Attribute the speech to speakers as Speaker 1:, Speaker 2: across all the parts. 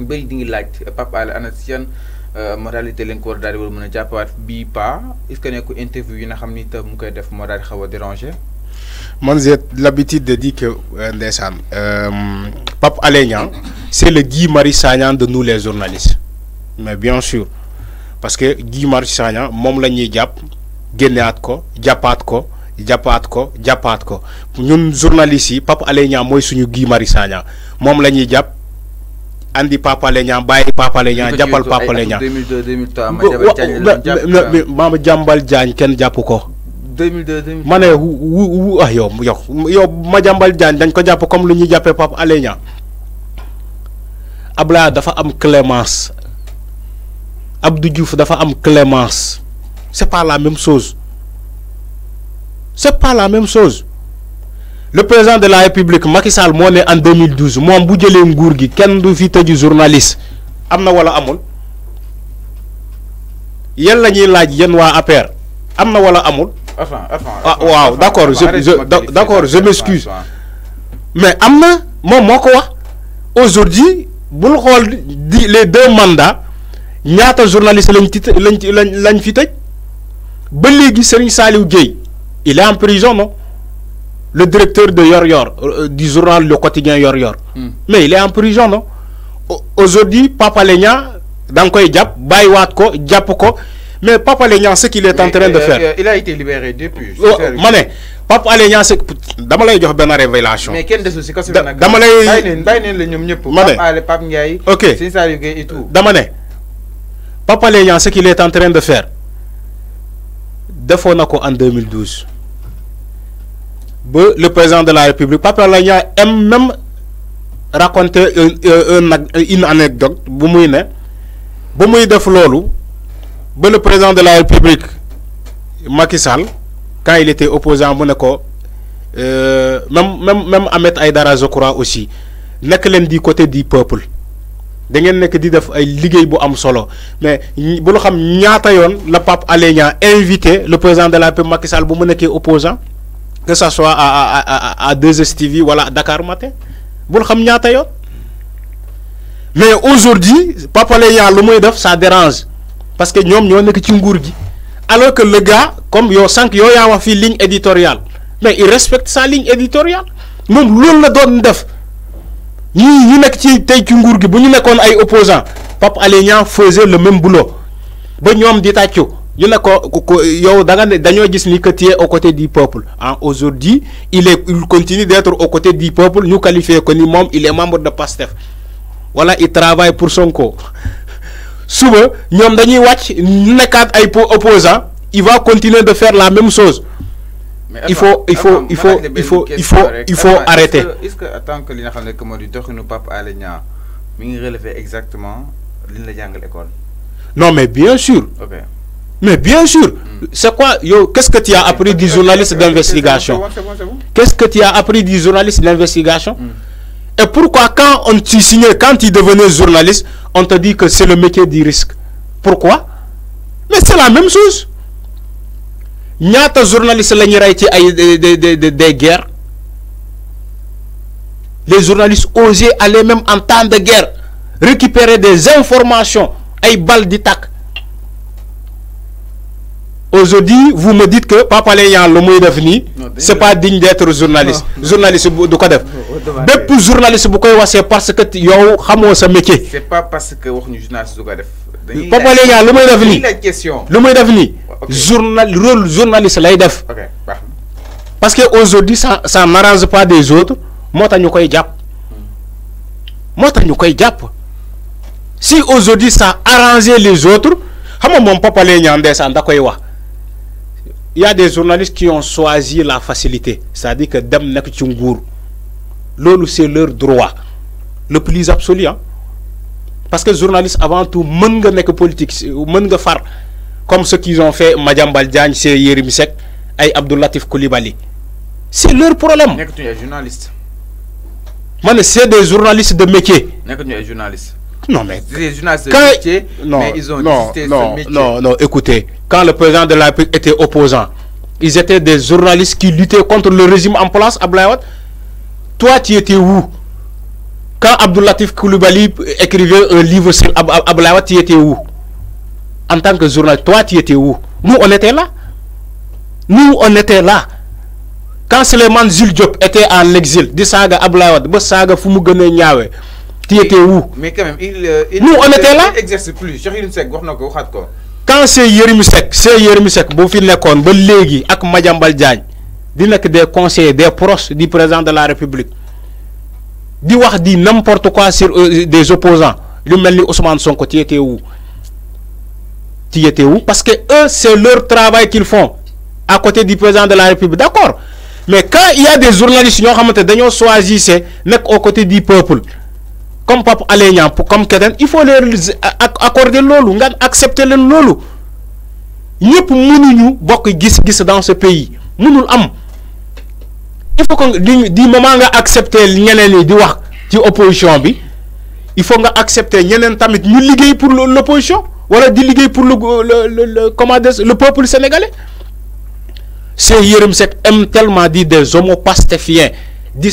Speaker 1: ñu di ngi laaj Pape Alé ana si yan euh, modalité lañ ko war daal di war mën a jàppaat bii pas est-ce que nekku interview yi nga xam ni itam mu koy def moo daal di xaw a déranger.
Speaker 2: man j'ai l'habitude de dire que euh, ndeysaan euh, Pape Alé Niang c'est le Guy Marius Sagna de nous les journalistes mais bien sûr parce que Guy Marius Sagna moom la ñuy jàpp génneaat ko jàppaat ko jàppaat ko jàppaat ko ñun journalistes yi Pape Alé mooy suñu Guy Marius Sagna moom la ñuy jàpp. indi Papa Alé Niang bàyyi Papa Alé Niang jàppal Papa Alé Niang
Speaker 1: 2002 2003
Speaker 2: Mama kenn jàpp ko.
Speaker 1: 2002
Speaker 2: 2003 ma ne wu wu wu ah yow yow yow Mama Jambal Diagne dañ ko jàpp comme lu ñuy jàppee Papa Alé Niang Ablaye dafa am clémence du Diouf dafa am clemence c'est pas la même chose c'est pas même chose. le président de la république Macky Sall en 2012 moi bu jëlee ngourgui, gi du fi du journaliste Amnawala Amol. wala amul a la ñuy laaj yéen waa APR wala
Speaker 1: ah
Speaker 2: je m'excuse. je mais Amna, mom aujourd'hui bul les deux mandats il journaliste lañ un lañ lañ fi ba Serigne il est en prison non le directeur de Yor Yor, euh, euh, du journal Le Quotidien Yor Yor. Hmm. Mais il est en prison, non Aujourd'hui, Papa Legna, quoi, Diap, Bayouatko, Diapoko. Mais Papa Legnan ce qu'il est en train de faire.
Speaker 1: il a été libéré depuis. Oh, Mané,
Speaker 2: Papa Legna, c'est. Damalay Diop, ben révélation. Mais
Speaker 1: quel de ce que c'est Damalay. Damalay,
Speaker 2: le nom pour Mané.
Speaker 1: Papa Ngaï. Ok. C'est et
Speaker 2: Papa Legnan, ce qu'il est en train de faire. Deux fois, en 2012 le président de la République, Papa Lagna a même raconté euh, euh, une, anecdote une, une anecdote. le président de la République, Macky Sall, quand il était opposant à Monaco, euh, même, même, même Ahmed Aydara Zokora aussi, nek que du côté du peuple. Il ngeen dit di def ay liggéey bu am mais bu vous xam ñaata le Pape Alé a invité le président de la République Macky Sall bu opposant que ça soit à à à à 2STV à Dakar Matin bul xam ñaata mais aujourd'hui Papa Alé a lu ça dérange parce que nous ñoo sont ci nguur gi alors que le gars comme yo sank yo ya fait une ligne éditoriale mais il respecte sa ligne éditoriale nous l'on la doon def ni ñu nekk ci tey ci nguur gi bu ñu opposants Papa gens faisait le même boulot ba dit à tàccu ñu ne ko ko yow da nga ne gis ni que tu es du peuple ah, aujourd'hui il est il continue d'être aux côtés du peuple ñu qualifions ko ni moom il est membre de PASTEF wala il travaille pour Sonko suba Souvent, dañuy wàcc Watch nekkaat ay opposants il va continuer de faire la même chose.
Speaker 1: il faut il faut il faut il faut il faut il faut arrêter. est-ce que attends que li nga xam que nous pap doxinu Pape Alé Niang mi relever exactement li ñu la école.
Speaker 2: non mais bien sûr. Mais bien sûr, c'est quoi Qu'est-ce que tu as appris du journaliste d'investigation Qu'est-ce que tu as appris du journaliste d'investigation hmm. Et pourquoi quand on t'y quand tu devenais journaliste, on te dit que c'est le métier du risque Pourquoi Mais c'est la même chose. Il y a des journalistes des guerres. Les journalistes osaient aller même en temps de guerre récupérer des informations, des balles d'attaque aujourd'hui vous me dites que Papa Léyan, le mot def ce c'est pas digne d'être journaliste ah. journaliste de quoi ko def
Speaker 1: oh, oh, bépp
Speaker 2: journaliste c'est koy wasee parce que tu as un métier
Speaker 1: c'est pas parce que wax ñu journaliste du ko def Pape Alé Niang lu muy def nii
Speaker 2: lu def oh, journal rôle journaliste lay def parce que aujourd'hui ça ça n'arrange pas des autres Moi tax ñu koy Moi tu as un si aujourd'hui ça arrange les autres xam nga moom papa Alé Niang ndeysaan da koy faire il y a des journalistes qui ont choisi la facilité c'est-à-dire que dem nekk ci c'est leur droit le plus absolu hein. parce que journalistes avant tout mën nga politique pas nga far comme ce qu'ils ont fait madame Diagne c'est Yérim Seck ay Abdou Latif c'est leur problème
Speaker 1: nekkatuñu journaliste
Speaker 2: c'est des journalistes de métier
Speaker 1: est journaliste
Speaker 2: non, mais. quand... ils ont non, non, non, non, écoutez, quand le président de la République était opposant, ils étaient des journalistes qui luttaient contre le régime en place à Toi, tu étais où Quand Abdoulatif Koulibaly écrivait un livre sur Ablawat, tu étais où En tant que journaliste, toi, tu étais où Nous, on était là. Nous, on était là. Quand Suleiman Zul était en exil, de Saga Ablawad, de Saga Fumu tu où
Speaker 1: Mais quand même, euh, il, nous on était là. Il exerce plus. quand
Speaker 2: c'est Yérim Seck c'est Yérim Seck bu fi con ba ak Madiambal di des conseillers des proches du président de la République di wax n'importe quoi sur euh, des opposants le mel osman Ousmane Sonko tu où tu étais où parce que eux c'est leur travail qu'ils font à côté du président de la République d'accord mais quand il y a des journalistes qui ont choisi choisir nekk aux côtés du peuple comme Papa Alé comme il faut leur accorder loolu accepter nous nous nous bokk gis-gis dans ce pays nous am il faut que di moment nga accepter opposition il faut accepter ñeneen tamit ñu pour l'opposition voilà di pour le le le comment le peuple sénégalais c'est hier m tellement dit des hommes pastéfiens di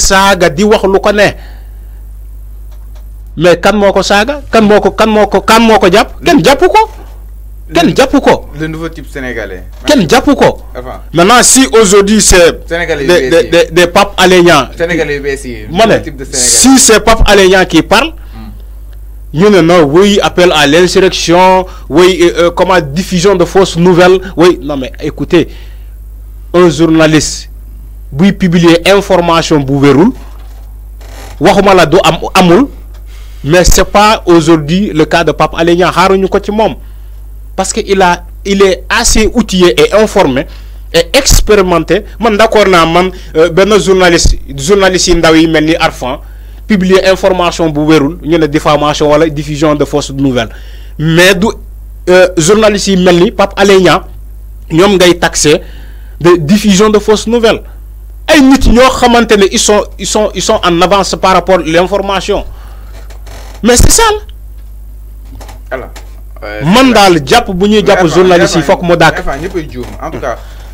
Speaker 2: di wax lu mais kan moko saga kan moko kan moko kan ça le
Speaker 1: nouveau type sénégalais. ken jàpp ko.
Speaker 2: maintenant si aujourd'hui c'est des des des
Speaker 1: sénégalais si
Speaker 2: c'est Pape Alé qui parle. Hmm. ñu ne non oui appel à l'insurrection oui euh, euh, comment diffusion de fausses nouvelles oui non mais écoutez un journaliste oui publier information bu wérul la mais ce n'est pas aujourd'hui le cas de Pape Aléna. parce que il a est assez outillé et informé et expérimenté Je suis d'accord avec man journalistes euh, journaliste journaliste publié ndaw yi pour Arfan publier information diffusion de fausses nouvelles mais du euh, journaliste yi Pape Alé Niang taxé de diffusion de fausses nouvelles ay nit ils sont ils sont ils sont en avance par rapport à l'information mais
Speaker 1: c'est ça la euh, man daal jàpp bu ñuy jàpp journaliste yi foog mu dàkk. en tout cas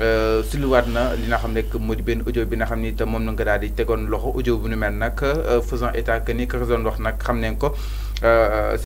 Speaker 1: Euh, suluwaat na li nga xam ne moo di benn audio bi nga xam ni itam moom na nga daal di tegoon loxo audio bu nu mel nag euh, faisant état que ni ka doon wax nag xam nañ ko. Euh,